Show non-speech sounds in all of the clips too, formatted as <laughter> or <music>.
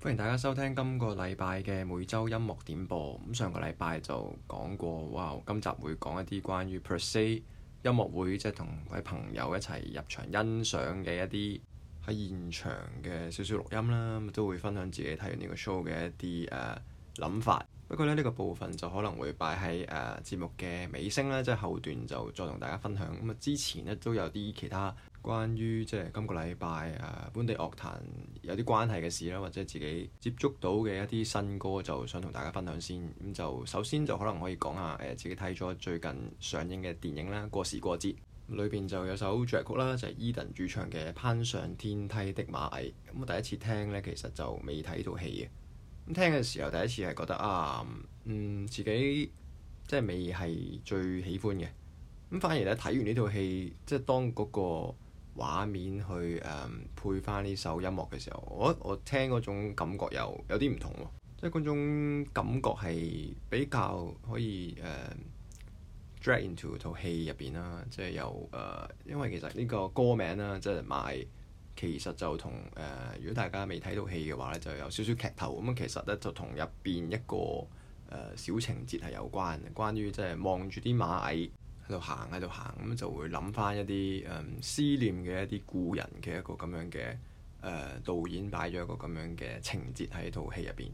歡迎大家收聽今個禮拜嘅每周音樂點播。咁上個禮拜就講過，哇！今集會講一啲關於 per se 音樂會，即係同位朋友一齊入場欣賞嘅一啲喺現場嘅少少錄音啦，都會分享自己睇完呢個 show 嘅一啲誒諗法。不過咧呢，呢個部分就可能會擺喺誒節目嘅尾聲啦，即係後段就再同大家分享。咁啊之前咧都有啲其他。關於即係今個禮拜啊，本地樂壇有啲關係嘅事啦，或者自己接觸到嘅一啲新歌，就想同大家分享先。咁、嗯、就首先就可能可以講下誒、呃，自己睇咗最近上映嘅電影啦，《過時過節》裏邊就有首 track 曲啦、啊，就係 Edan 主唱嘅《攀上天梯的螞蟻》。咁、嗯、我第一次聽呢，其實就未睇呢套戲嘅。咁、嗯、聽嘅時候，第一次係覺得啊，嗯，自己即係未係最喜歡嘅。咁、嗯、反而咧睇完呢套戲，即係當嗰、那個，畫面去誒、呃、配翻呢首音樂嘅時候，我我聽嗰種感覺又有啲唔同喎、啊，即係嗰種感覺係比較可以誒、呃、drag into 套戲入邊啦，即係有。誒、呃，因為其實呢個歌名啦，即係馬蟻其實就同誒、呃，如果大家未睇到戲嘅話咧，就有少少劇頭咁，其實咧就同入邊一個誒、呃、小情節係有關嘅，關於即係望住啲馬蟻。喺度行，喺度行，咁就會諗翻一啲誒、嗯、思念嘅一啲故人嘅一個咁樣嘅誒、呃、導演擺咗一個咁樣嘅情節喺套戲入邊。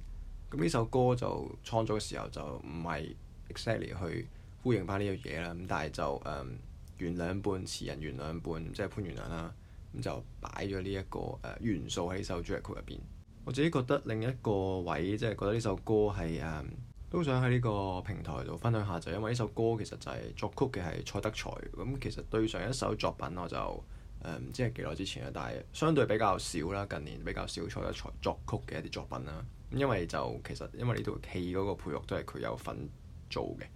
咁呢首歌就創作嘅時候就唔係 exactly 去呼應翻呢樣嘢啦。咁但係就誒、嗯、袁兩半詞人袁兩半即係、就是、潘源良啦。咁、啊、就擺咗呢一個誒、呃、元素喺首主題曲入邊。我自己覺得另一個位即係、就是、覺得呢首歌係誒。嗯都想喺呢個平台度分享下，就因為呢首歌其實就係作曲嘅係蔡德才。咁其實對上一首作品我就誒、嗯、唔知係幾耐之前啦，但係相對比較少啦，近年比較少蔡德才作曲嘅一啲作品啦。咁因為就其實因為呢套戲嗰個配樂都係佢有份做嘅，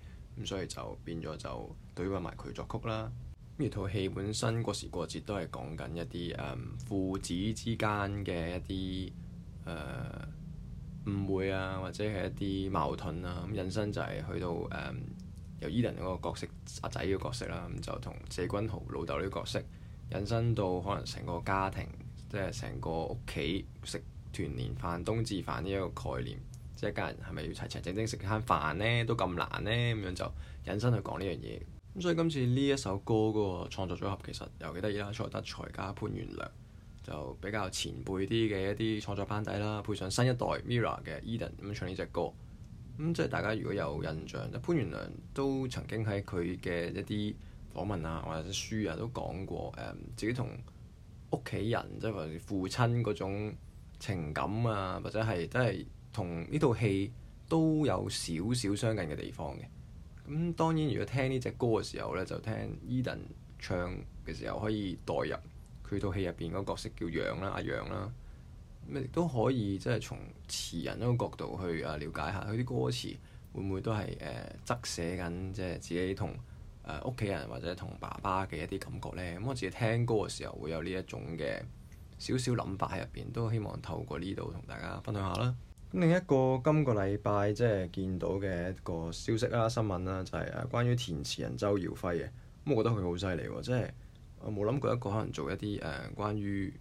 咁所以就變咗就對於話埋佢作曲啦。呢套戲本身過時過節都係講緊一啲誒、嗯、父子之間嘅一啲誒。呃誤會啊，或者係一啲矛盾啦、啊，咁引申就係去到誒、嗯、由 Edan 嗰個角色阿仔嘅角色啦，咁就同謝君豪老豆呢個角色引申到可能成個家庭，即係成個屋企食團年飯、冬至飯呢一個概念，即係一家人係咪要齊齊整整食餐飯呢？都咁難呢？咁樣就引申去講呢樣嘢。咁、嗯、所以今次呢一首歌嗰個創作組合其實又幾、啊、得意啦，蔡德才加袁兩半。就比較前輩啲嘅一啲創作班底啦，配上新一代 Mirror 嘅 Edan 咁唱呢隻歌，咁、嗯、即係大家如果有印象，潘源良都曾經喺佢嘅一啲訪問啊或者書啊都講過誒、嗯、自己同屋企人即係父親嗰種情感啊或者係即係同呢套戲都有少少相近嘅地方嘅。咁、嗯、當然如果聽呢隻歌嘅時候咧，就聽 Edan 唱嘅時候可以代入。佢套戲入邊嗰個角色叫楊啦，阿楊啦，咁亦都可以即係從詞人嗰個角度去啊了解下佢啲歌詞會唔會都係誒側寫緊即係自己同誒屋企人或者同爸爸嘅一啲感覺呢？咁我自己聽歌嘅時候會有呢一種嘅少少諗法喺入邊，都希望透過呢度同大家分享下啦。咁另一個今個禮拜即係見到嘅一個消息啦、新聞啦，就係啊關於填詞人周耀輝嘅。咁我覺得佢好犀利喎，即係～我冇諗過一個可能做一啲誒、呃、關於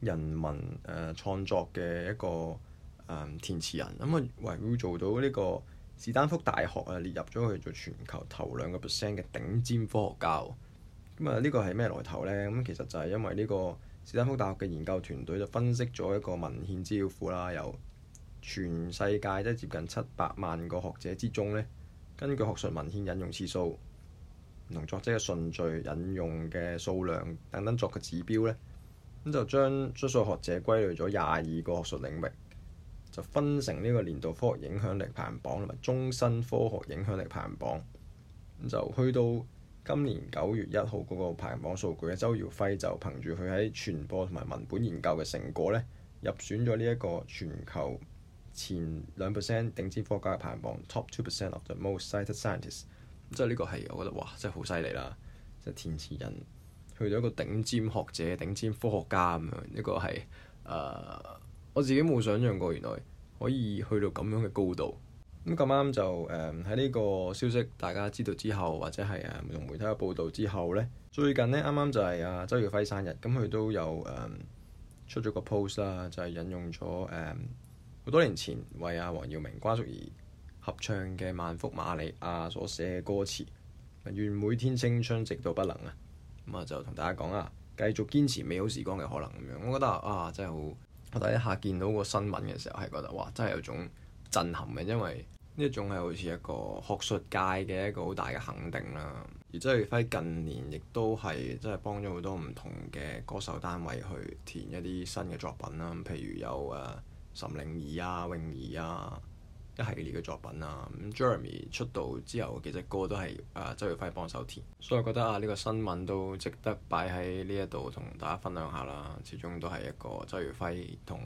人民誒、呃、創作嘅一個誒、呃、填詞人咁啊，為、嗯、咗做到呢個史丹福大學啊列入咗去做全球頭兩個 percent 嘅頂尖科學家，咁啊呢個係咩來頭呢？咁、嗯、其實就係因為呢個史丹福大學嘅研究團隊就分析咗一個文獻資料庫啦，由全世界即係接近七百萬個學者之中呢，根據學術文獻引用次數。同作者嘅順序、引用嘅數量等等作嘅指標咧，咁就將追數學者歸類咗廿二個學術領域，就分成呢個年度科學影響力排行榜同埋終身科學影響力排行榜。咁就去到今年九月一號嗰個排行榜數據，周耀輝就憑住佢喺傳播同埋文本研究嘅成果咧，入選咗呢一個全球前兩 percent 頂尖科學家嘅排行榜 <noise> ，top two percent of the most cited scientists。即係呢個係，我覺得哇，真係好犀利啦！即係填詞人去到一個頂尖學者、頂尖科學家咁樣，一、這個係誒、呃，我自己冇想象過，原來可以去到咁樣嘅高度。咁咁啱就誒喺呢個消息大家知道之後，或者係誒同媒體嘅報導之後呢，最近呢啱啱就係阿、啊、周耀輝生日，咁佢都有誒、呃、出咗個 post 啦，就係引用咗誒好多年前為阿、啊、黃耀明、關淑怡。合唱嘅《萬福瑪利亞》所寫嘅歌詞，願每天青春直到不能啊！咁啊就同大家講啊，繼續堅持美好時光嘅可能咁樣，我覺得啊真係好，我第一下見到個新聞嘅時候係覺得哇真係有種震撼嘅，因為呢一種係好似一個學術界嘅一個好大嘅肯定啦。而周耀輝近年亦都係真係幫咗好多唔同嘅歌手單位去填一啲新嘅作品啦，譬如有誒岑、呃、靈怡啊、泳兒啊。一系列嘅作品啊，咁 Jeremy 出道之後，其實歌都係啊、呃、周耀輝幫手填，所以我覺得啊呢、這個新聞都值得擺喺呢一度同大家分享下啦。始終都係一個周耀輝同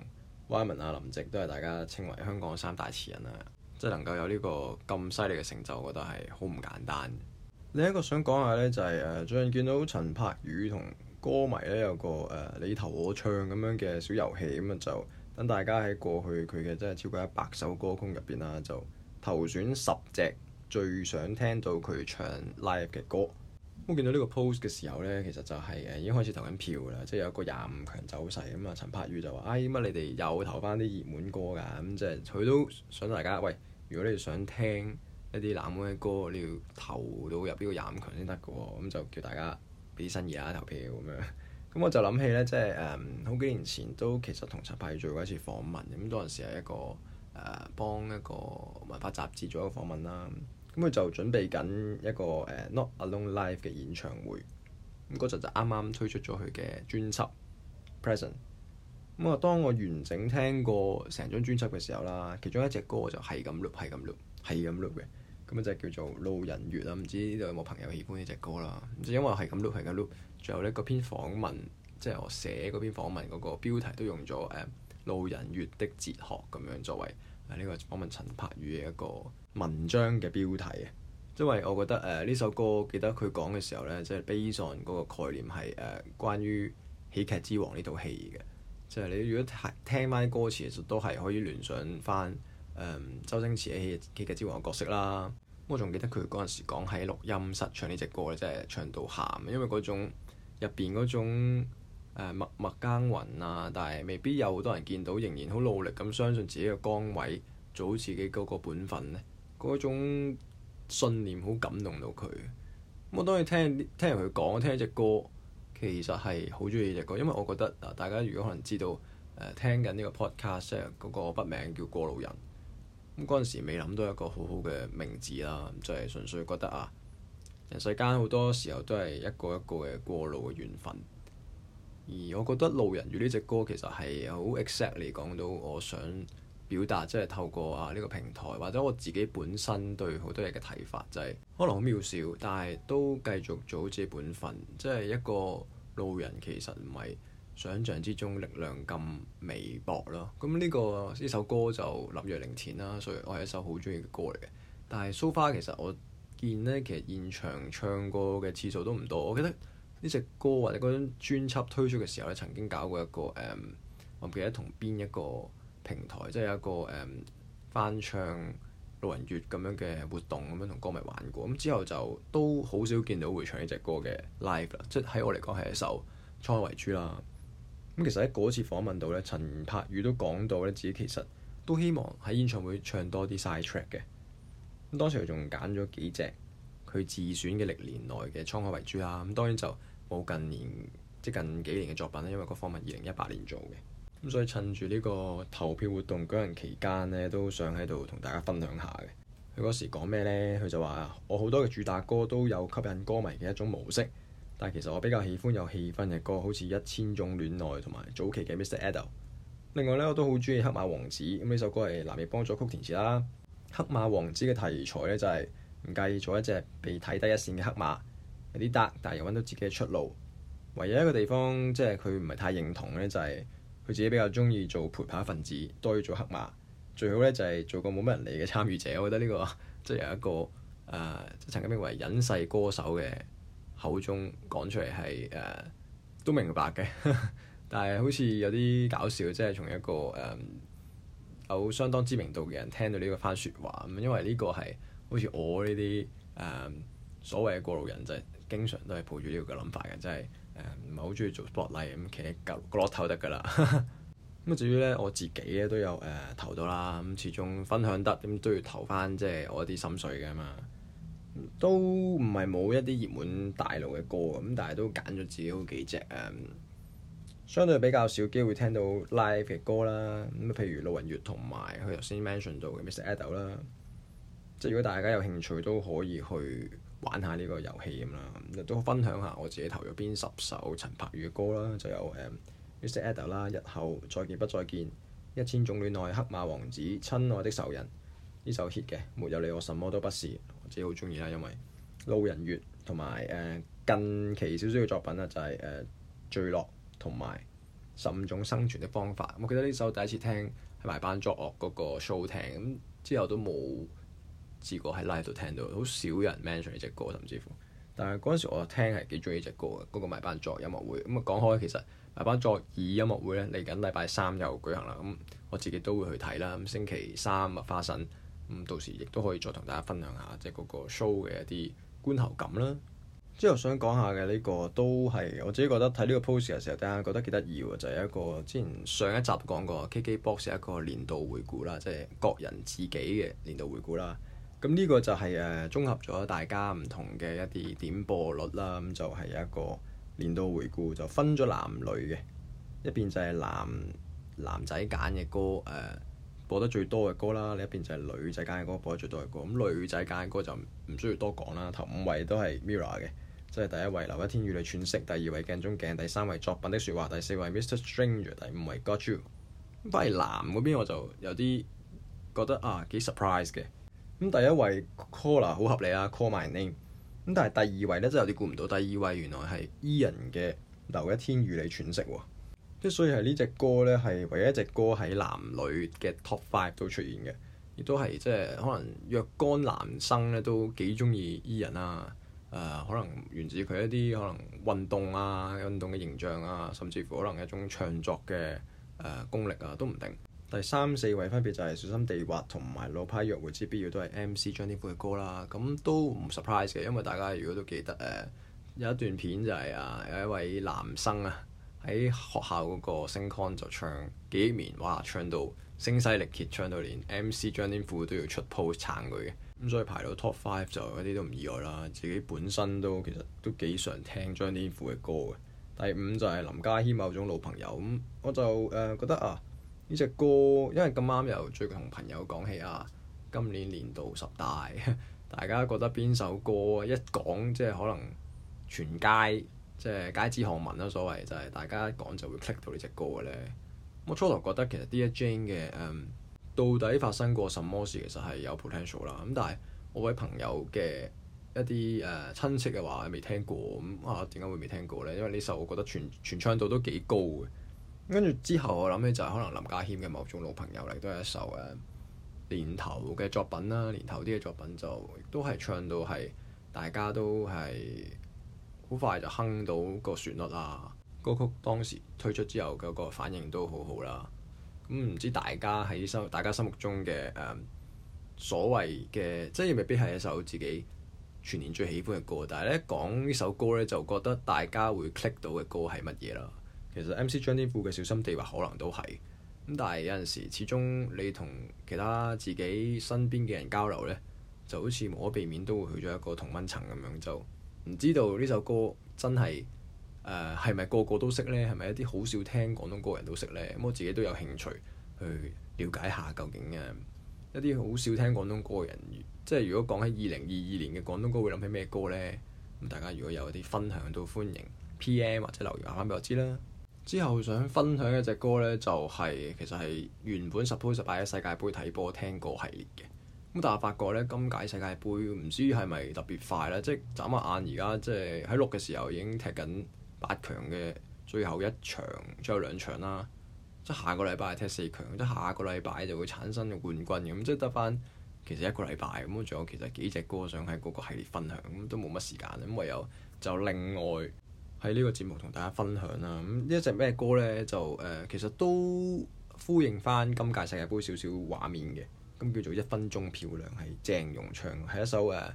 Wyman 啊林夕都係大家稱為香港三大詞人啊，即、就、係、是、能夠有呢個咁犀利嘅成就，我覺得係好唔簡單。另一個想講下咧、就是，就係誒最近見到陳柏宇同歌迷咧有個誒、呃、你投我唱咁樣嘅小遊戲，咁、嗯、啊就。等大家喺過去佢嘅真係超過一百首歌曲入邊啦，就投選十隻最想聽到佢唱 live 嘅歌。咁見到呢個 post 嘅時候呢，其實就係誒已經開始投緊票啦，即係有一個廿五強走勢。咁啊，陳柏宇就話，哎乜你哋又投翻啲熱門歌㗎？咁即係佢都想大家，喂，如果你想聽一啲冷門嘅歌，你要投到入邊個廿五強先得㗎喎。咁就叫大家俾啲新意啦，投票咁樣。咁我就諗起咧，即係誒、嗯、好幾年前都其實同陳柏宇做過一次訪問，咁當陣時係一個誒、呃、幫一個文化雜誌做一個訪問啦。咁佢就準備緊一個誒、呃、Not Alone Live 嘅演唱會，咁嗰陣就啱啱推出咗佢嘅專輯 Present。咁啊，當我完整聽過成張專輯嘅時候啦，其中一隻歌我就係咁 loop 係咁 loop 係咁 loop 嘅，咁啊隻叫做路人月啊，唔知呢度有冇朋友喜歡呢隻歌啦？就因為係咁 loop 係咁 loop 仲有咧，嗰篇訪問，即係我寫嗰篇訪問嗰個標題都用咗誒、嗯、路人乙的哲學咁樣作為呢、啊這個訪問陳柏宇嘅一個文章嘅標題嘅，因、就、為、是、我覺得誒呢、呃、首歌記得佢講嘅時候呢，即係悲壯嗰個概念係誒、呃、關於喜劇之王呢套戲嘅，即係你如果聽聽埋歌詞，其實都係可以聯想翻、嗯、周星馳嘅喜劇之王嘅角色啦。我仲記得佢嗰陣時講喺錄音室唱呢隻歌咧，即係唱到喊，因為嗰種。入邊嗰種、呃、默默耕耘啊，但係未必有好多人見到，仍然好努力咁相信自己嘅崗位，做好自己嗰個本分呢，嗰種信念好感動到佢。我、嗯、當日聽聽人佢講，聽隻歌，其實係好中意隻歌，因為我覺得大家如果可能知道誒、呃、聽緊呢個 podcast 嗰個筆名叫過路人，咁嗰時未諗到一個好好嘅名字啦，就係、是、純粹覺得啊～人世間好多時候都係一個一個嘅過路嘅緣分，而我覺得《路人與》呢隻歌其實係好 exactly 講到我想表達，即係透過啊呢個平台或者我自己本身對好多嘢嘅睇法，就係可能好渺小，但係都繼續做好自己本分，即係一個路人其實唔係想像之中力量咁微薄咯。咁呢個呢首歌就林若寧填啦，所以我係一首好中意嘅歌嚟嘅。但係《so far》其實我見咧，其實現場唱歌嘅次數都唔多。我記得呢隻歌或者嗰張專輯推出嘅時候咧，曾經搞過一個誒、嗯，我唔記得同邊一個平台，即係一個誒、嗯、翻唱《路人月》咁樣嘅活動咁樣同歌迷玩過。咁之後就都好少見到會唱呢隻歌嘅 live 啦。即係喺我嚟講係一首創為主啦。咁其實喺嗰次訪問到咧，陳柏宇都講到咧自己其實都希望喺演唱會唱多啲 side track 嘅。咁當時佢仲揀咗幾隻佢自選嘅歷年來嘅滄海遺珠啦。咁當然就冇近年即近幾年嘅作品咧，因為個訪問二零一八年做嘅。咁所以趁住呢個投票活動舉行期間呢，都想喺度同大家分享下嘅。佢嗰時講咩呢？佢就話：我好多嘅主打歌都有吸引歌迷嘅一種模式，但係其實我比較喜歡有氣氛嘅歌，好似《一千種戀愛》同埋早期嘅 Mr. Edo。另外呢，我都好中意《黑馬王子》。咁呢首歌係南野幫咗曲填詞啦。黑馬王子嘅題材咧，就係、是、唔介意做一隻被睇低一線嘅黑馬，有啲得，但係又揾到自己嘅出路。唯一一個地方即係佢唔係太認同咧，就係、是、佢自己比較中意做陪跑分子，多於做黑馬。最好咧就係、是、做個冇乜人理嘅參與者。我覺得呢、這個即係有一個誒、呃，曾經被為隱世歌手嘅口中講出嚟係誒都明白嘅， <laughs> 但係好似有啲搞笑，即係從一個誒。呃有相當知名度嘅人聽到呢個番説話咁，因為呢個係好似我呢啲誒所謂嘅過路人就係、是、經常都係抱住呢個諗法嘅，即係誒唔係好中意做 spotlight 咁，其、like, 喺、嗯、個角落頭得噶啦。咁 <laughs> 至於咧我自己咧都有誒、呃、投到啦，咁、嗯、始終分享得咁都要投翻即係我啲心水嘅嘛，都唔係冇一啲熱門大路嘅歌咁，但係都揀咗自己嗰幾隻、嗯相對比較少機會聽到 live 嘅歌啦，咁譬如路人月同埋佢頭先 mention 到嘅 Mr. Adele 啦，即係如果大家有興趣都可以去玩下呢個遊戲咁啦，亦都分享下我自己投入邊十首陳柏宇嘅歌啦，就有誒 Mr. Adele 啦，日後再見不再見，一千種戀愛，黑馬王子，親愛的仇人，呢首 hit 嘅沒有你我什麼都不是，我自己好鍾意啦，因為路人月同埋誒近期少少嘅作品啊、就是，就係誒墜落。同埋十五種生存的方法，我記得呢首第一次聽係埋班作樂嗰個 show 聽，咁之後都冇試過喺 live 度聽到，好少人 mention 呢隻歌，甚至乎。但係嗰陣時我聽係幾中意呢隻歌嘅，嗰、那個埋班作樂音樂會。咁、嗯、啊講開，其實埋班作樂二音樂會咧嚟緊禮拜三又舉行啦，咁、嗯、我自己都會去睇啦。咁星期三啊花神，咁、嗯、到時亦都可以再同大家分享下即係嗰個 show 嘅一啲觀後感啦。之後想講下嘅呢、這個都係我自己覺得睇呢個 post 嘅時候，第一覺得幾得意喎，就係、是、一個之前上一集講過 KKBOX 一個年度回顧啦，即、就、係、是、各人自己嘅年度回顧啦。咁呢個就係誒綜合咗大家唔同嘅一啲點播率啦，咁就係一個年度回顧，就分咗男女嘅一邊就係男男仔揀嘅歌誒、呃、播得最多嘅歌啦，另一邊就係女仔揀嘅歌播得最多嘅歌。咁女仔揀嘅歌就唔需要多講啦，頭五位都係 Mirror 嘅。即係第一位留一天與你喘息，第二位鏡中鏡，第三位作品的説話，第四位 Mr. Stranger，第五位 Got You。咁反而男嗰邊我就有啲覺得啊幾 surprise 嘅。咁第一位 Caller，好合理啊，call my name。咁但係第二位咧真係有啲估唔到，第二位原來係 Ian 嘅留一天與你喘息」喎。即係所以係呢隻歌咧係唯一一隻歌喺男女嘅 Top Five 度出現嘅，亦都係即係可能若干男生咧都幾中意 Ian 啊。誒、呃、可能源自佢一啲可能運動啊、運動嘅形象啊，甚至乎可能一種唱作嘅、呃、功力啊都唔定。第三四位分別就係小心地滑同埋老派約會之必要，都係 M.C. 張天賦嘅歌啦。咁都唔 surprise 嘅，因為大家如果都記得誒、呃、有一段片就係、是、啊、呃、有一位男生啊喺學校嗰個 singcon 就唱《記憶棉》哇，哇唱到聲嘶力竭，唱到連 M.C. 張天賦都要出 post 撐佢。咁所以排到 Top Five 就有一啲都唔意外啦，自己本身都其實都幾常聽張天賦嘅歌嘅。第五就係林家謙某種老朋友咁，我就誒、呃、覺得啊，呢隻歌因為咁啱又最近同朋友講起啊，今年年度十大，大家覺得邊首歌一講即係可能全街即係、就是、街知巷聞啦、啊，所謂就係、是、大家一講就會 click 到呢隻歌嘅咧。我初頭覺得其實呢一 g 嘅到底發生過什麼事，其實係有 potential 啦咁，但係我位朋友嘅一啲誒、呃、親戚嘅話未聽過咁、嗯、啊，點解會未聽過呢？因為呢首我覺得傳傳唱度都幾高嘅，跟住之後我諗起就係可能林家謙嘅某種老朋友嚟都係一首誒年頭嘅作品啦，年頭啲嘅作品就都係唱到係大家都係好快就哼到個旋律啦，歌、那個、曲當時推出之後嗰、那個反應都好好啦。咁唔、嗯、知大家喺心，大家心目中嘅誒、嗯、所謂嘅，即係未必係一首自己全年最喜歡嘅歌，但係咧講呢首歌咧，就覺得大家會 click 到嘅歌係乜嘢啦？其實 MC 張天賦嘅小心地滑可能都係，咁但係有陣時始終你同其他自己身邊嘅人交流咧，就好似無可避免都會去咗一個同溫層咁樣，就唔知道呢首歌真係。誒係咪個個都識呢？係咪一啲好少聽廣東歌人都識呢？咁我自己都有興趣去了解下究竟嘅一啲好少聽廣東歌嘅人，即係如果講起二零二二年嘅廣東歌會諗起咩歌呢？咁大家如果有啲分享都歡迎 P.M. 或者留言翻俾我知啦。之後想分享一隻歌呢、就係，就係其實係原本十鋪十敗嘅世界盃睇波聽歌系列嘅。咁但係發覺呢，今屆世界盃唔知係咪特別快咧？即係眨下眼而家即係喺錄嘅時候已經踢緊。八強嘅最後一場，最後兩場啦，即下個禮拜踢四強，即下個禮拜就會產生嘅冠軍，咁即係得翻其實一個禮拜，咁仲有其實幾隻歌想喺嗰個系列分享，咁都冇乜時間，咁唯有就另外喺呢個節目同大家分享啦。咁呢一隻咩歌呢？就誒、呃，其實都呼應翻今屆世界杯少少畫面嘅，咁叫做一分鐘漂亮係鄭融唱，係一首誒、啊。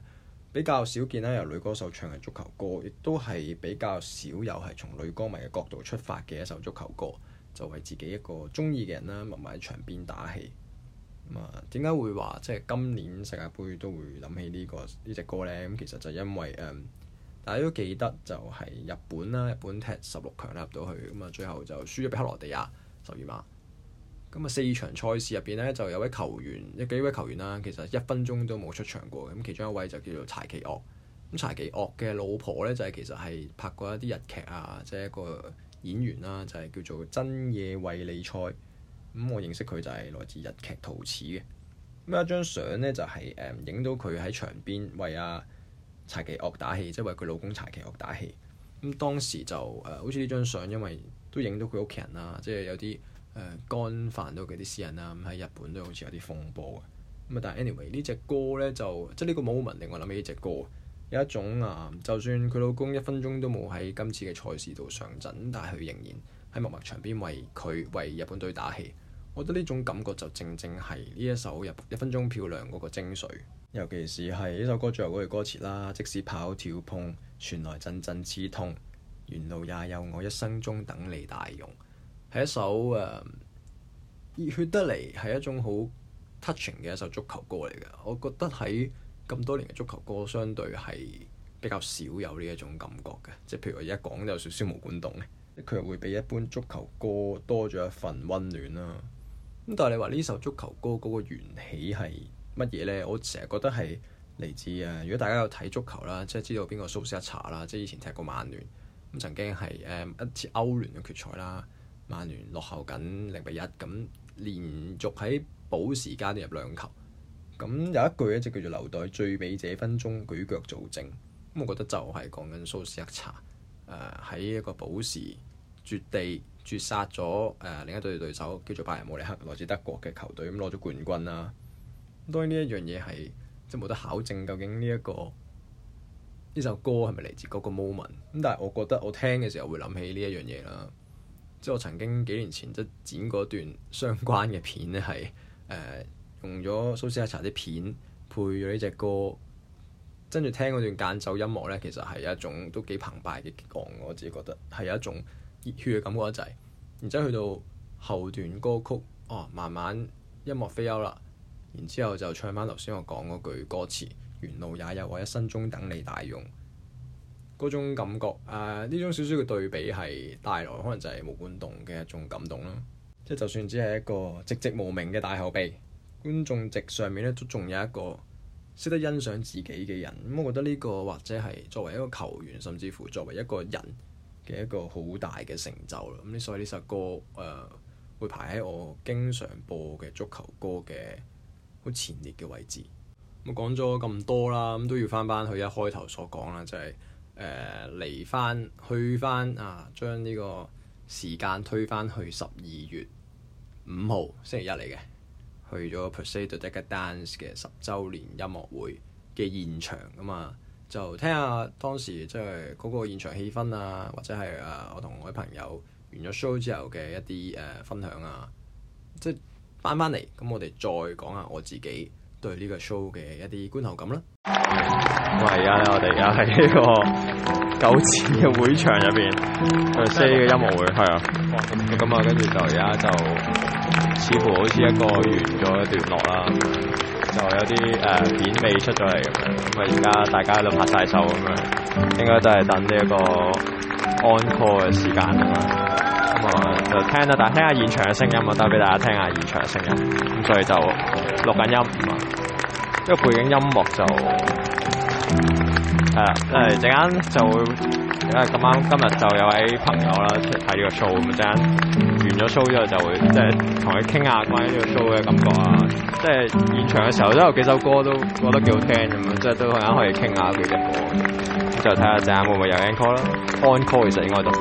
比較少見啦，由女歌手唱嘅足球歌，亦都係比較少有係從女歌迷嘅角度出發嘅一首足球歌，就為自己一個中意嘅人啦，默默喺場邊打氣。咁點解會話即係今年世界盃都會諗起呢、呢個呢隻、呢個、歌呢？咁其實就因為、嗯、大家都記得就係日本啦，日本踢十六強入到去，咁啊最後就輸咗俾克羅地亞十二碼。咁啊四場賽事入邊咧，就有一位球員，有幾位球員啦、啊，其實一分鐘都冇出場過，咁其中一位就叫做柴崎岳。咁柴崎岳嘅老婆咧，就係、是、其實係拍過一啲日劇啊，即、就、係、是、一個演員啦、啊，就係、是、叫做真野惠利菜。咁我認識佢就係來自日劇《陶瓷》嘅。咁一張相咧就係誒影到佢喺場邊為阿、啊、柴崎岳打氣，即、就、係、是、為佢老公柴崎岳打氣。咁當時就誒、呃、好似呢張相，因為都影到佢屋企人啦、啊，即、就、係、是、有啲。誒幹犯到佢啲私隱啦、啊，喺日本都好似有啲風波咁啊，但係 anyway 呢隻歌呢，就即係呢個 moment，令我諗起呢隻歌，有一種啊，就算佢老公一分鐘都冇喺今次嘅賽事度上陣，但係佢仍然喺默默場邊為佢為日本隊打氣。我覺得呢種感覺就正正係呢一首《一分鐘漂亮》嗰個精髓，尤其是係呢首歌最後嗰句歌詞啦：即使跑跳碰，傳來陣陣刺痛，沿路也有我一生中等你大用。一首誒、嗯、熱血得嚟，係一種好 touching 嘅一首足球歌嚟嘅。我覺得喺咁多年嘅足球歌，相對係比較少有呢一種感覺嘅。即係譬如我而家講，有少少毛管動咧，佢會比一般足球歌多咗一份溫暖啦、啊。咁但係你話呢首足球歌嗰個緣起係乜嘢咧？我成日覺得係嚟自啊。如果大家有睇足球啦，即係知道邊個蘇斯亞查啦，即係以前踢過曼聯咁，曾經係誒、嗯、一次歐聯嘅決賽啦。曼聯落後緊零比一，咁連續喺補時階段入兩球，咁有一句咧就叫做留待最美這分鐘舉腳做證。咁我覺得就係講緊蘇斯克查，喺、呃、一個補時絕地絕殺咗誒、呃、另一隊對手，叫做拜仁慕尼黑，來自德國嘅球隊，咁攞咗冠軍啦、啊。當然呢一樣嘢係即係冇得考證究竟呢、這、一個呢首歌係咪嚟自嗰個 moment。咁但係我覺得我聽嘅時候會諗起呢一樣嘢啦。即我曾經幾年前即剪過一段相關嘅片咧，係、呃、用咗蘇斯亞查啲片配咗呢隻歌，跟住聽嗰段間奏音樂咧，其實係一種都幾澎湃嘅激昂，我自己覺得係有一種熱血嘅感覺一係，然之後去到後段歌曲哦、啊，慢慢音樂飛悠啦，然之後就唱翻頭先我講嗰句歌詞，沿路也有我一生中等你大用。嗰種感覺，誒、呃、呢種少少嘅對比係帶來，可能就係毛管戙嘅一種感動啦。即係就算只係一個籍籍無名嘅大後備，觀眾席上面咧都仲有一個識得欣賞自己嘅人。咁我覺得呢個或者係作為一個球員，甚至乎作為一個人嘅一個好大嘅成就啦。咁所以呢首歌誒、呃、會排喺我經常播嘅足球歌嘅好前列嘅位置。咁講咗咁多啦，咁都要翻返去一開頭所講啦，就係。誒嚟翻去翻啊，將呢個時間推翻去十二月五號星期一嚟嘅，去咗 per se the deca dance 嘅十週年音樂會嘅現場啊嘛、嗯，就聽下當時即係嗰個現場氣氛啊，或者係啊我同我啲朋友完咗 show 之後嘅一啲誒、呃、分享啊，即係翻翻嚟咁，我哋再講下我自己對呢個 show 嘅一啲觀後感啦。咁而家啊，我哋而家喺呢個九展嘅會場入邊，per se、嗯，嘅音樂會係啊。咁啊，跟住、嗯嗯嗯、就而家就似乎好似一個完咗一段落啦。就有啲誒片尾出咗嚟嘅，咁啊而家大家都拍晒手咁樣，應該都係等呢一個 encore 嘅時間啊嘛。咁、嗯、啊、嗯嗯、就聽啊，但係聽下現場嘅聲音啊，帶俾大家聽下現場嘅聲音。咁所以就。錄緊音啊，呢個背景音樂就係啦，即係陣間就會因為咁啱今日就有位朋友啦，即係睇呢個 show 咁啊，完咗 show 之後就會即係同佢傾下關於呢個 show 嘅感覺啊，即係現場嘅時候都有幾首歌都覺得幾好聽咁啊，即係都係啱可以傾下幾隻歌，就睇下陣間會唔會有 encore 啦，on call <noise> 其實應該都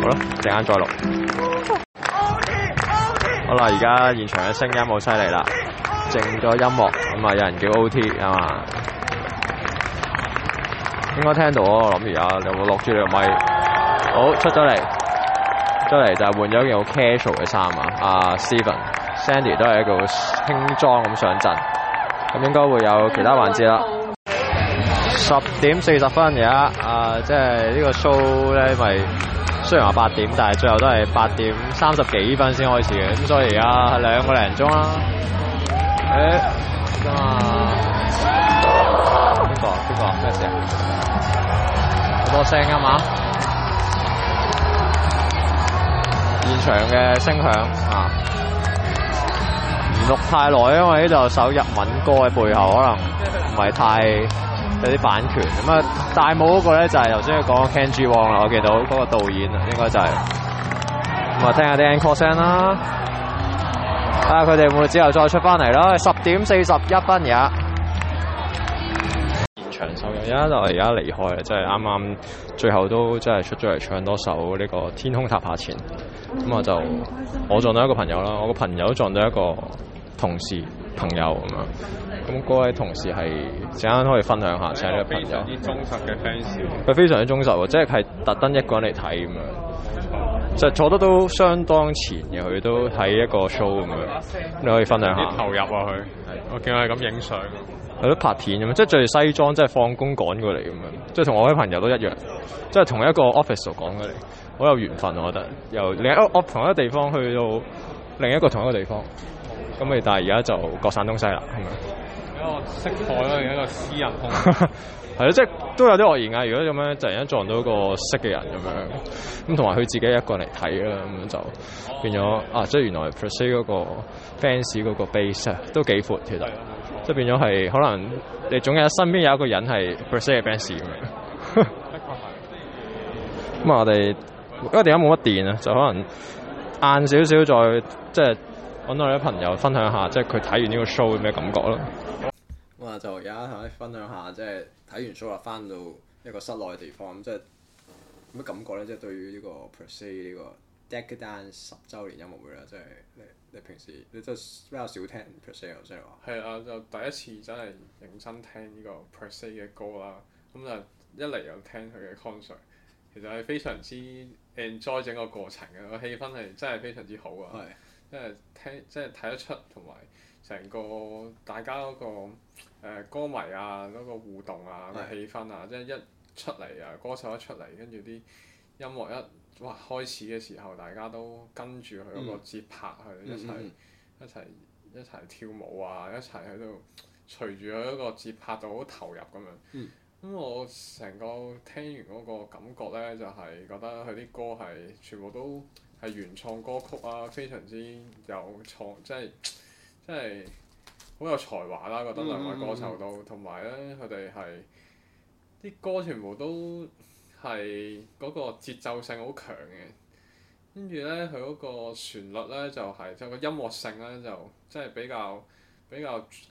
好啦，陣間再錄。好啦，而家 <noise> 現，現場嘅聲音好犀利啦。靜咗音樂，咁、嗯、啊有人叫 OT 啊嘛，應該聽到啊，我諗有冇落住個麥？好，出咗嚟，出嚟就換咗件好 casual 嘅衫啊，啊 Steven、Sandy 都係一個輕裝咁上陣，咁、嗯、應該會有其他環節啦。十點四十分而家，啊、呃、即係呢個 show 咧，咪雖然話八點，但係最後都係八點三十幾分先開始嘅，咁所以而家係兩個零鐘啦。咁啊，邊個、hey, uh？邊個？咩事啊？好多聲啊嘛！現場嘅聲響啊，唔、uh、錄太耐，因為呢度首日文歌嘅背後可能唔係太有啲版權。咁啊， <noise> 大舞嗰個咧就係頭先佢講 Kenji Wong 啦，我記得嗰個導演啊，應該就係、是。咁啊， <noise> 聽下啲 Encore 聲啦。啊！佢哋會之後再出翻嚟咯，十點四十一分而家現場收音，而家就而家離開啊！即係啱啱最後都真係出咗嚟唱多首呢個《天空塌下前》。咁我就我撞到一個朋友啦，我個朋友撞到一個同事朋友咁樣。咁嗰位同事係陣間可以分享下，請啲朋友。非常忠實嘅 fans。佢非常之忠實，即係係特登一個人嚟睇咁樣。就坐得都相當前嘅，佢都喺一個 show 咁樣，的你可以分享下。投入啊，佢，的我見佢咁影相，佢都拍片咁樣，即係著西裝，即係放工趕過嚟咁樣，即係同我啲朋友都一樣，即係同一個 office 度趕過嚟，好的有緣分，我覺得。由另一個同一個地方去到另一個同一個地方，咁你但係而家就各散東西啦，係咪？一個色彩咯，一個私人係啊，即係、 <laughs> 就是、都有啲愕然啊！如果咁樣，突然間撞到一個識嘅人咁樣，咁同埋佢自己一個嚟睇啦，咁樣就變咗、oh, okay. 啊！即、就、係、是、原來 per se 嗰個 fans 嗰個 base 啊，都幾闊，其實即係 Yeah. 變咗係可能你總有身邊有一個人係 per se 嘅 fans 咁樣。的確係。咁啊，我哋因為點解冇乜電啊，就可能晏少少再即係揾另外啲朋友分享下，即係佢睇完呢個 show 咩感覺啦。咁啊，就有一下分享下，即係睇完 show 啦，翻到一個室內嘅地方，咁即係咁咩感覺咧？即係對於呢、呢個 per se 呢個 deca dance 十周年音樂會啦，即係你你平時你真係比較少聽 per se 即係話係啊，Se, 就第一次真係認真聽呢個 per se 嘅歌啦。咁就一嚟又聽佢嘅 concert，其實係非常之 enjoy 整個過程嘅。個氣氛係真係非常之好啊，係因係聽，即係睇得出同埋。成個大家嗰、那個、呃、歌迷啊，嗰、那個互動啊，那個氣氛啊，的即係一出嚟啊，歌手一出嚟，跟住啲音樂一哇開始嘅時候，大家都跟住佢嗰個節拍去，佢、嗯、一齊一齊一齊跳舞啊，一齊喺度隨住佢嗰個節拍就好投入咁樣。咁、嗯、我成個聽完嗰個感覺呢，就係、是、覺得佢啲歌係全部都係原創歌曲啊，非常之有創，即係。即係好有才華啦，覺得兩位歌手都同埋咧佢哋係啲歌全部都係嗰個節奏性好強嘅，跟住咧佢嗰個旋律咧就係即係個音樂性咧就即係、就係、比較比較誒，係、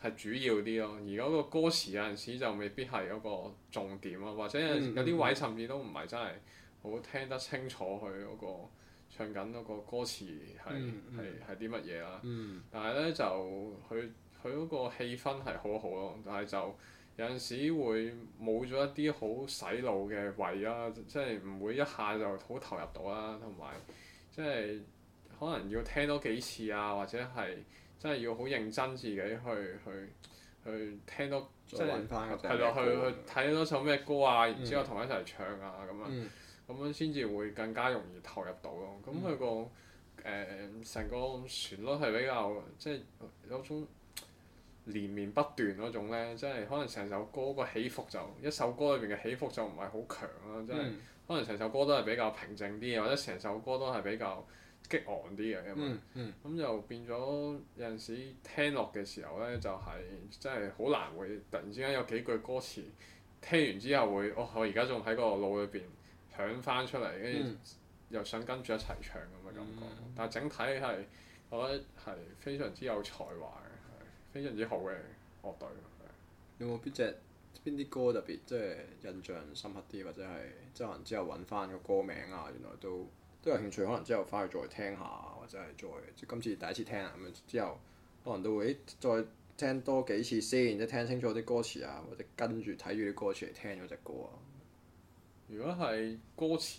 呃、係主要啲咯，而嗰個歌詞有陣時就未必係嗰個重點咯，或者有啲位甚至都唔係真係好聽得清楚佢嗰、嗰個。唱緊嗰個歌詞係係係啲乜嘢啦？嗯、但係呢，就佢佢嗰個氣氛係好好咯，但係就有陣時會冇咗一啲好洗腦嘅位啦、啊，即係唔會一下就好投入到啦、啊，同埋即係可能要聽多幾次啊，或者係真係要好認真自己去去去，去，去聽多即係係咯，去去睇多首咩歌啊，歌啊嗯、然之後同佢一齊唱啊咁樣。咁樣先至會更加容易投入到咯。咁佢、那個誒成、嗯呃、個旋律係比較即係、就是、有種連綿不斷嗰種呢，即、就、係、是、可能成首歌個起伏就一首歌裏邊嘅起伏就唔係好強啦。即、就、係、是、可能成首歌都係比較平靜啲嘅，或者成首歌都係比較激昂啲嘅，咁就變咗有陣時聽落嘅時候呢、就是，就係真係好難會突然之間有幾句歌詞聽完之後會哦，我而家仲喺個腦裏邊。響翻出嚟，跟住又想跟住一齊唱咁嘅感覺。嗯、但係整體係，我覺得係非常之有才華嘅，非常之好嘅樂隊。有冇邊隻邊啲歌特別即係印象深刻啲，或者係之後之後揾翻個歌名啊？原來都都有興趣，可能之後翻去再聽下，或者係再即今次第一次聽咁樣之後，可能都會再聽多幾次先，然後聽清楚啲歌詞啊，或者跟住睇住啲歌詞嚟聽嗰隻歌啊。如果係歌詞，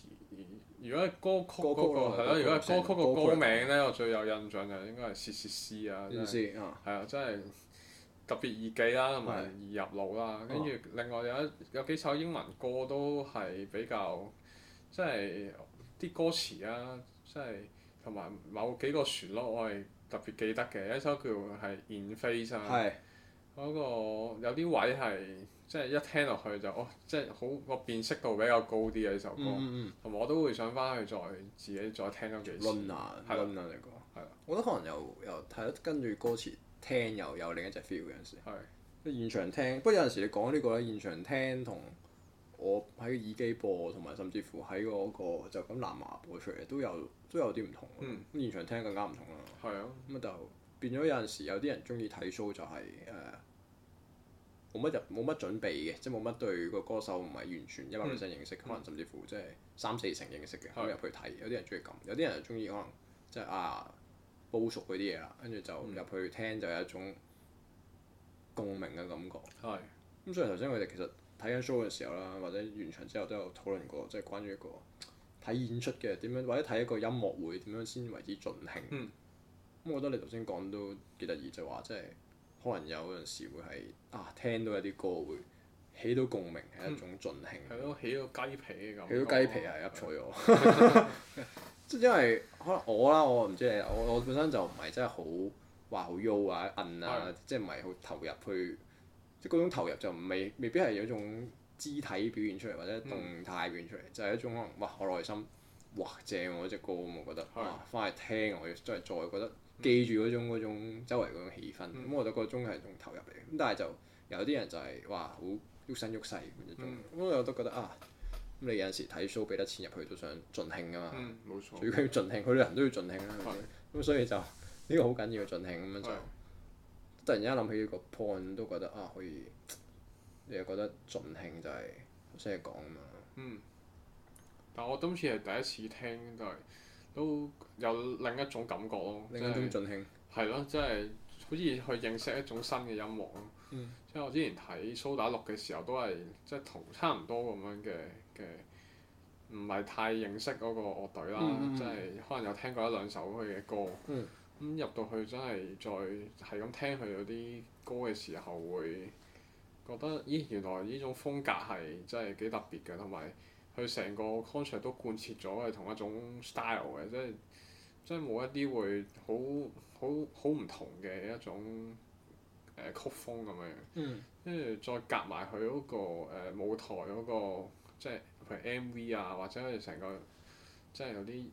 如果係歌曲，那個係咯，對如果係歌曲個歌名呢，曲我最有印象就應該係《薛薛絲》啊，《薛絲》係啊，真係、嗯啊啊、特別易記啦、啊，同埋易入腦啦、啊。跟住的另外有一有幾首英文歌都係比較即係啲歌詞啊，即係同埋某幾個旋律、啊、我係特別記得嘅，一首叫係《In Phase》啊，嗰的、那個有啲位係。即係一聽落去就哦，即係好個辨識度比較高啲嘅呢首歌，同埋、嗯嗯、我都會想翻去再自己再聽多幾次。係啊輪啊的，係啊、這個，的我覺得可能又又睇跟住歌詞聽，又有另一隻 feel 有陣時。係即現場聽，不過有陣時你講呢個咧，現場聽同我喺耳機播，同埋甚至乎喺嗰個就咁藍牙播出嚟，都有都有啲唔同。嗯，現場聽更加唔同啦。係啊的，咁啊就變咗有陣時有啲人中意睇 show 就係、是、誒。呃冇乜入冇乜準備嘅，即係冇乜對個歌手唔係完全一百 percent 認識，嗯、可能甚至乎即係三四成認識嘅入、嗯、去睇，有啲人中意咁，有啲人中意可能即、就、係、係、啊煲熟嗰啲嘢啦，跟住就入去聽就有一種共鳴嘅感覺。係、嗯。咁所以頭先我哋其實睇緊 show 嘅時候啦，或者完場之後都有討論過，即係關於一個睇演出嘅點樣，或者睇一個音樂會點樣先為之盡興。咁、嗯、我覺得你頭先講都幾得意，就話、係、即係。可能有陣時會係啊，聽到一啲歌會起到共鳴，係一種盡興。係咯，起到雞皮嘅，起到雞皮係噏錯咗，即係因為可能我啦，我唔知你，我我本身就唔係真係好話好 yo 啊、摁啊，即係唔係好投入去，即係嗰種投入就未未必係有一種肢體表現出嚟或者動態表現出嚟，就係一種可能哇，我內心哇正喎，呢隻歌咁，我覺得翻去聽我真係再覺得。記住嗰種嗰種周圍嗰種氣氛，咁、嗯、我就個鐘係仲投入嘅。咁但係就有啲人就係話好喐身喐勢咁樣，咁、嗯、我都覺得啊，咁你有陣時睇 show 俾得錢入去都想盡興啊嘛，嗯、冇錯最緊要盡興，佢啲人都要盡興啦。咁是所以就呢、呢個好緊要嘅盡興咁樣就是突然間諗起一個 point，都覺得啊可以，你又覺得盡興就係先係講啊嘛。嗯，但我今次係第一次聽都係。都有另一種感覺咯，另一種盡興。係咯、就是，即係、就是、好似去認識一種新嘅音樂咯。即係、嗯、我之前睇、嗯、蘇打綠嘅時候都，都係即係同差唔多咁樣嘅嘅，唔係太認識嗰個樂隊啦。即係、嗯嗯、可能有聽過一兩首佢嘅歌。咁入到去真係再係咁聽佢嗰啲歌嘅時候，會覺得咦，原來呢種風格係真係幾特別嘅，同埋，佢成個 concept 都貫徹咗係同一種 style 嘅，即係，即係，冇一啲會好好好唔同嘅一種誒曲風咁樣的。跟住、嗯、再夾埋佢嗰個誒、呃、舞台嗰、嗰個，即係譬如 MV 啊，或者係成個，即係有啲誒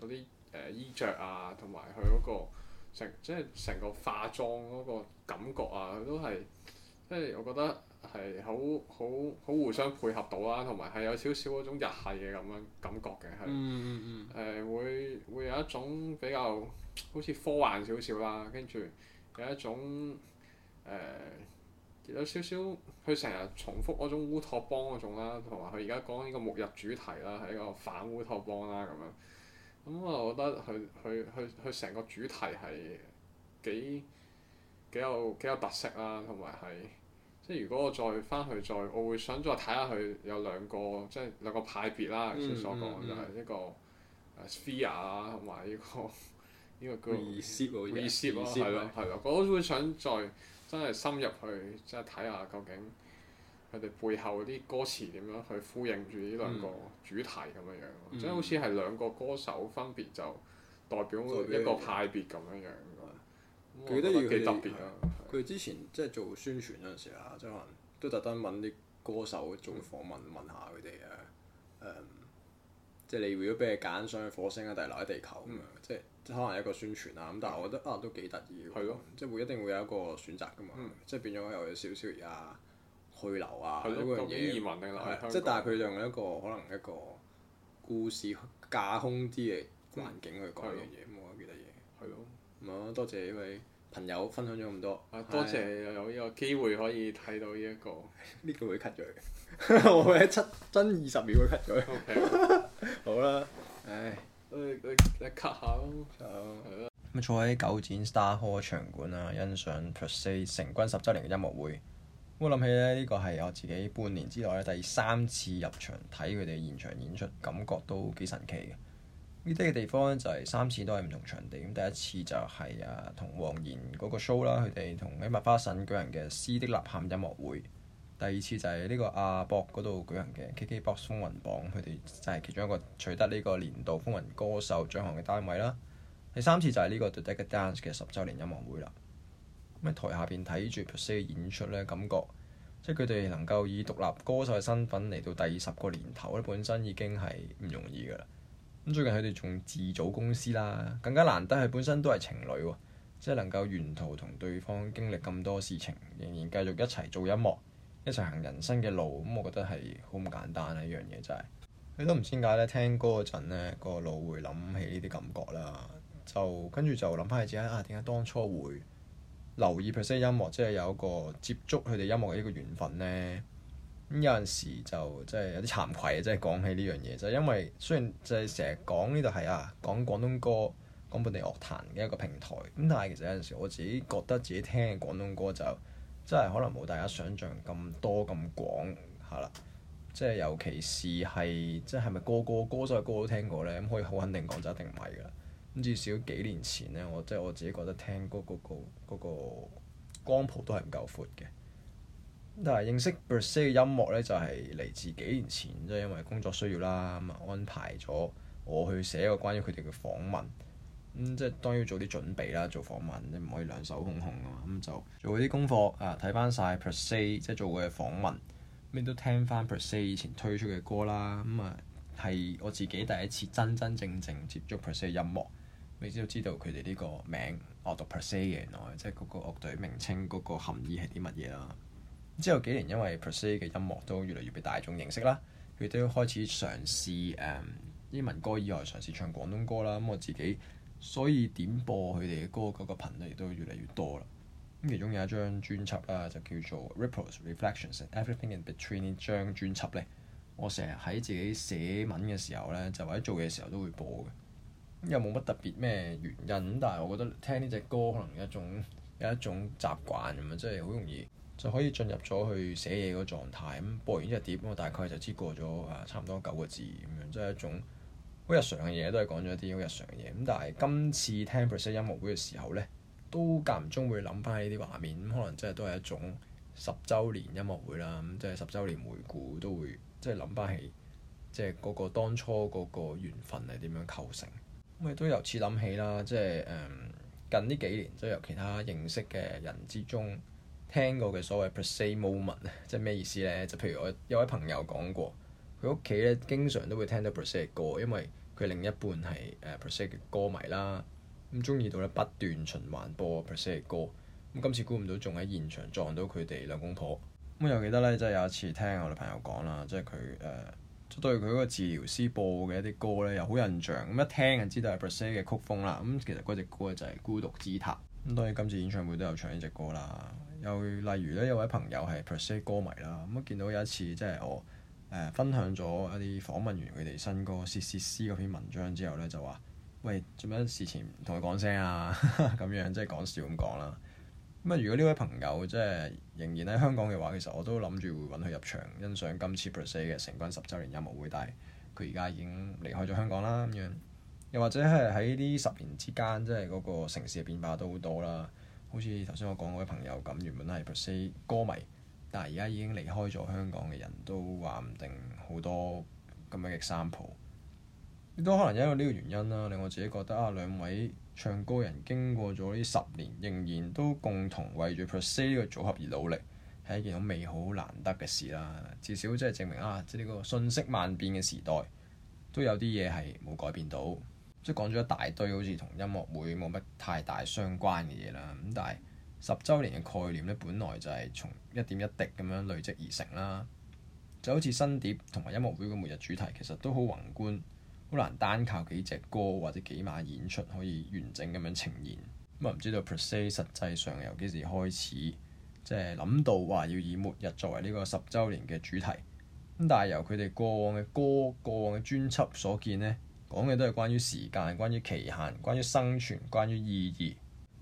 嗰啲誒衣著啊，同埋佢嗰個成即係成個化妝嗰個感覺啊，佢都係。即係我覺得。係好好好互相配合到啦，同埋係有少少嗰種日系嘅咁樣感覺嘅，係誒、呃、會會有一種比較好似科幻少少啦，跟住有一種誒、呃、有少少佢成日重複嗰種烏托邦嗰種啦，同埋佢而家講呢個末日主題啦，係一個反烏托邦啦咁樣。咁、嗯、我覺得佢佢佢佢成個主題係幾幾有幾有特色啦，同埋係。即係如果我再翻去再，我會想再睇下佢有兩個，即係兩個派別啦，頭先所講就係一個 sphere 啦，同埋呢個呢 <laughs> 個 group 歌。意思喎，意思喎，係咯係咯，我都會想再真係深入去，即係睇下究竟佢哋背後啲歌詞點樣去呼應住呢兩個主題咁樣、嗯嗯嗯、樣，即係好似係兩個歌手分別就代表一個派別咁樣樣，幾、啊、得意幾他們 特別啊！佢之前即係做宣傳嗰陣時啊，即係可能都特登揾啲歌手做訪問，問下佢哋啊，誒、嗯，即係你如果俾你揀上去火星啊，定係留喺地球咁樣、嗯？即係即可能一個宣傳啊，咁但係我覺得、嗯、啊，都幾得意嘅。係咯，即係會一定會有一個選擇㗎嘛，嗯、即係變咗又有少少也去留啊嗰樣嘢。即係，但係佢用一個可能一個故事架空啲嘅環境去講一樣嘢，冇其他嘢。係咯、嗯，唔、嗯、該、嗯嗯嗯嗯，多謝呢位。朋友分享咗咁多，多謝你、哎、呀有呢個機會可以睇到呢、這、一個，呢 <laughs> 個會 cut 咗嘅， <laughs> 我喺七真二十秒佢 cut 咗， <laughs> 好啦，唉、哎，都係 <laughs> 一 cut 下咯，咁坐喺九展 Star Hall 場館啊，欣賞 per se 成軍十週年嘅音樂會，我諗起咧呢個係我自己半年之內咧第三次入場睇佢哋現場演出，感覺都幾神奇嘅。呢啲嘅地方咧就係三次都係唔同場地。咁第一次就係啊同黃妍嗰個 show 啦，佢哋同喺麥花臣舉行嘅《詩的吶喊音樂會》。第二次就係呢個亞博嗰度舉行嘅 KKBOX 風雲榜，佢哋就係其中一個取得呢個年度風雲歌手獎項嘅單位啦。第三次就係呢個《The Deca Dance》嘅十週年音樂會啦。咁喺台下邊睇住 per se 嘅演出咧，感覺即係佢哋能夠以獨立歌手嘅身份嚟到第十個年頭咧，本身已經係唔容易噶啦。最近佢哋仲自組公司啦，更加難得佢本身都係情侶喎，即係能夠沿途同對方經歷咁多事情，仍然繼續一齊做音樂，一齊行人生嘅路。咁我覺得係好唔簡單啊！一樣嘢就係，你都唔知點解咧，聽歌嗰陣咧個腦會諗起呢啲感覺啦，就跟住就諗翻起自己啊點解當初會留意 per se 音樂，即係有一個接觸佢哋音樂嘅一個緣分咧。咁有陣時就即係有啲慚愧啊！即係講起呢樣嘢，就因為雖然就係成日講呢度係啊，講廣東歌、講本地樂壇嘅一個平台，咁但係其實有陣時我自己覺得自己聽嘅廣東歌就，就真係可能冇大家想像咁多、咁廣係啦。即係尤其是係即係係咪個個歌手嘅歌都聽過呢？咁可以好肯定講就一定唔係㗎啦。咁至少幾年前呢，我即係我自己覺得聽嗰個個嗰個光譜都係唔夠闊嘅。嗱，但認識 per se 嘅音樂咧，就係、是、嚟自幾年前，即係因為工作需要啦，咁啊安排咗我去寫一個關於佢哋嘅訪問。咁、嗯、即係當要做啲準備啦，做訪問你唔可以兩手空空啊嘛。咁、嗯、就做啲功課啊，睇翻晒 per se 即係做嘅訪問，咩、嗯、都聽翻 per se 以前推出嘅歌啦。咁啊係我自己第一次真真正正接觸 per se 嘅音樂，未、嗯、知道知道佢哋呢個名我、啊、讀 per se 原來，即係嗰個樂隊名稱嗰個含義係啲乜嘢啦。之後幾年，因為 per se 嘅音樂都越嚟越被大眾認識啦，佢都開始嘗試英、um, 文歌以外嘗試唱廣東歌啦。咁、嗯、我自己所以點播佢哋嘅歌嗰個頻率亦都越嚟越多啦。咁其中有一張專輯啦，就叫做《Ripples Reflections and Everything in Between》呢張專輯呢。我成日喺自己寫文嘅時候呢，就或者做嘢時候都會播嘅。咁又冇乜特別咩原因，但係我覺得聽呢隻歌可能有一種有一種習慣咁樣，即係好容易，就可以進入咗去寫嘢嗰狀態，咁、嗯、播完一碟，我大概就知過咗啊，差唔多九個字咁樣、嗯，即係一種好日常嘅嘢，都係講咗啲好日常嘅嘢。咁、嗯、但係今次聽 per se 音樂會嘅時候咧，都間唔中會諗翻起呢啲畫面，咁、嗯、可能即係都係一種十週年音樂會啦，咁、嗯、即係十週年回顧都會即係諗翻起，即係嗰個當初嗰個緣分係點樣構成。咁、嗯、亦都由此諗起啦，即係誒、嗯、近呢幾年即係由其他認識嘅人之中。聽過嘅所謂 per se moment 即係咩意思呢？就譬如我有位朋友講過，佢屋企咧經常都會聽到 per se 嘅歌，因為佢另一半係誒 per se 嘅歌迷啦。咁中意到咧不斷循環播 per se 嘅歌。咁今次估唔到仲喺現場撞到佢哋兩公婆。咁又記得咧，即係有一次聽我女朋友講啦，即係佢誒，對佢嗰個治療師播嘅一啲歌咧，又好印象。咁一聽就知道係 per se 嘅曲風啦。咁其實嗰隻歌就係《孤獨之塔》。咁當然今次演唱會都有唱呢隻歌啦，又例如呢，有位朋友係 per se 歌迷啦，咁、嗯、見到有一次即係我誒、呃、分享咗一啲訪問完佢哋新歌《涉涉思》嗰篇文章之後咧，就話：喂，做乜事前唔同佢講聲啊？咁 <laughs> 樣即係講笑咁講啦。咁、嗯、啊，如果呢位朋友即係仍然喺香港嘅話，其實我都諗住會揾佢入場欣賞今次 per se 嘅成軍十週年音樂會，但係佢而家已經離開咗香港啦，咁樣。又或者係喺呢十年之間，即係嗰個城市嘅變化都好多啦。好似頭先我講嗰啲朋友咁，原本都係 per se 歌迷，但係而家已經離開咗香港嘅人都話唔定好多咁樣嘅 sample。亦都可能因為呢個原因啦，令我自己覺得啊，兩位唱歌人經過咗呢十年，仍然都共同為住 per se 呢個組合而努力，係一件好美好難得嘅事啦。至少即係證明啊，即係呢個瞬息萬變嘅時代都有啲嘢係冇改變到。即係講咗一大堆，好似同音樂會冇乜太大相關嘅嘢啦。咁但係十週年嘅概念咧，本來就係從一點一滴咁樣累積而成啦。就好似新碟同埋音樂會嘅末日主題，其實都好宏觀，好難單靠幾隻歌或者幾碼演出可以完整咁樣呈現。咁啊，唔知道 per se 實際上由幾時開始即係諗到話要以末日作為呢個十週年嘅主題。咁但係由佢哋過往嘅歌、過往嘅專輯所見咧。講嘅都係關於時間、關於期限、關於生存、關於意義。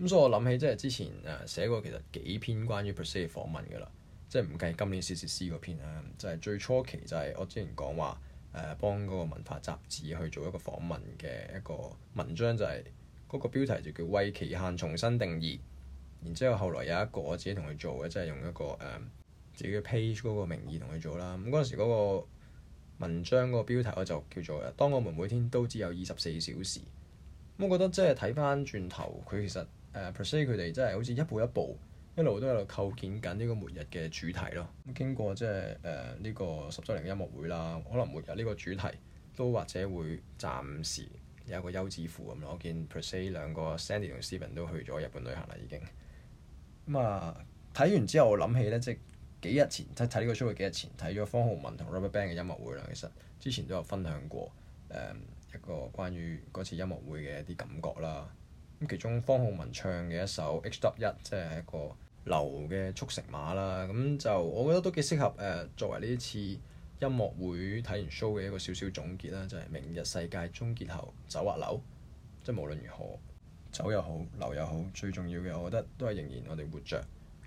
咁、嗯、所以我諗起即係之前誒、啊、寫過其實幾篇關於 per se 訪問嘅啦，即係唔計今年薛薛詩嗰篇啦、啊，就係、是、最初期就係我之前講話誒、啊、幫嗰個文化雜誌去做一個訪問嘅一個文章、就是，就係嗰個標題就叫為期限重新定義。然之後後來有一個我自己同佢做嘅，即、就、係、是、用一個誒、啊、自己 page 嗰個名義同佢做啦。咁嗰陣時嗰、那個。文章嗰個標題我就叫做《當我們每天都只有二十四小時》，我覺得即係睇翻轉頭，佢其實佢哋、呃呃、真係好似一步一步，一路都喺度構建緊呢個末日嘅主題咯。咁經過即係呢、呃呢個十周年嘅音樂會啦，可能末日呢個主題都或者會暫時有一個休止符咁。我見 per se 兩個 Sandy 同 Stephen 都去咗日本旅行啦，已經咁啊！睇、嗯、完之後我諗起呢，即幾日前即係睇呢個 show 嘅幾日前睇咗方浩文同 RubberBand 嘅音樂會啦，其實之前都有分享過誒、嗯、一個關於嗰次音樂會嘅一啲感覺啦。咁其中方浩文唱嘅一首《Hw，一》，即係一個流嘅速食馬啦。咁就我覺得都幾適合誒作為呢一次音樂會睇完 show 嘅一個小小總結啦，就係、是、明日世界終結後走或留。即係無論如何走又好留又好，最重要嘅我覺得都係仍然我哋活著，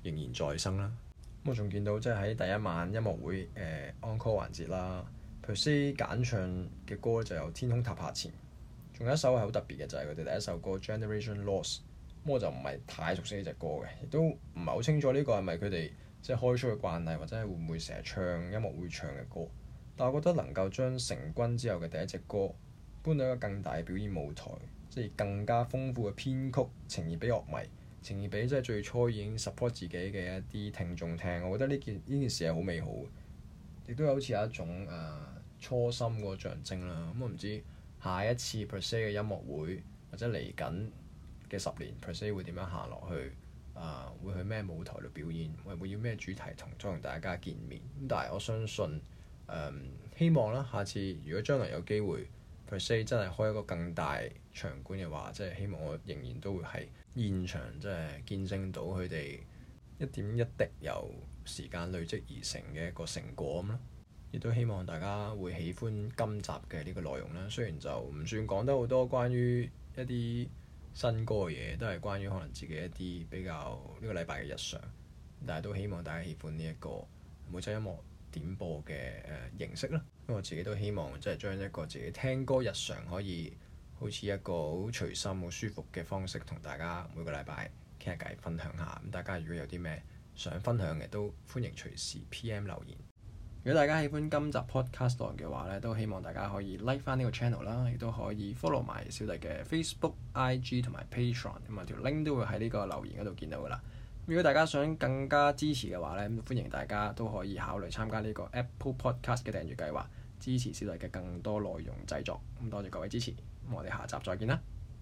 仍然在生啦。我仲見到即係喺第一晚音樂會誒 encore、呃、環節啦頭先揀唱嘅歌就有天空塌下前，仲有一首係好特別嘅，就係佢哋第一首歌《Generation Lost》。咁我就唔係太熟悉呢隻歌嘅，亦都唔係好清楚呢個係咪佢哋即係開出嘅慣例，或者係會唔會成日唱音樂會唱嘅歌。但我覺得能夠將成軍之後嘅第一隻歌搬到一個更大嘅表演舞台，即係更加豐富嘅編曲呈現畀樂迷。情意比即係最初已經 support 自己嘅一啲聽眾聽，我覺得呢件呢件事係好美好，亦都有好似有一種誒、呃、初心個象徵啦。咁、嗯、我唔知下一次 per se 嘅音樂會或者嚟緊嘅十年 per se 會點樣行落去？誒、呃、會去咩舞台度表演？會唔會要咩主題同再同大家見面？但係我相信誒、呃、希望啦，下次如果將來有機會 per se 真係開一個更大場館嘅話，即、就、係、是、希望我仍然都會係。現場即係見證到佢哋一點一滴由時間累積而成嘅一個成果咁咯，亦都希望大家會喜歡今集嘅呢個內容啦。雖然就唔算講得好多關於一啲新歌嘅嘢，都係關於可能自己一啲比較呢個禮拜嘅日常，但係都希望大家喜歡呢一個每週音樂點播嘅誒形式啦。因為我自己都希望即係將一個自己聽歌日常可以好似一個好隨心、好舒服嘅方式，同大家每個禮拜傾下偈、分享下。咁大家如果有啲咩想分享嘅，都歡迎隨時 PM 留言。如果大家喜歡今集 podcast 嘅話咧，都希望大家可以 like 翻呢個 channel 啦，亦都可以 follow 埋小弟嘅 Facebook、IG 同埋 Patreon。咁啊條 link 都會喺呢個留言嗰度見到㗎喇。如果大家想更加支持嘅話咧，咁歡迎大家都可以考慮參加呢個 Apple Podcast 嘅訂閱計劃，支持小弟嘅更多內容製作。咁多謝各位支持！我哋下集再見啦！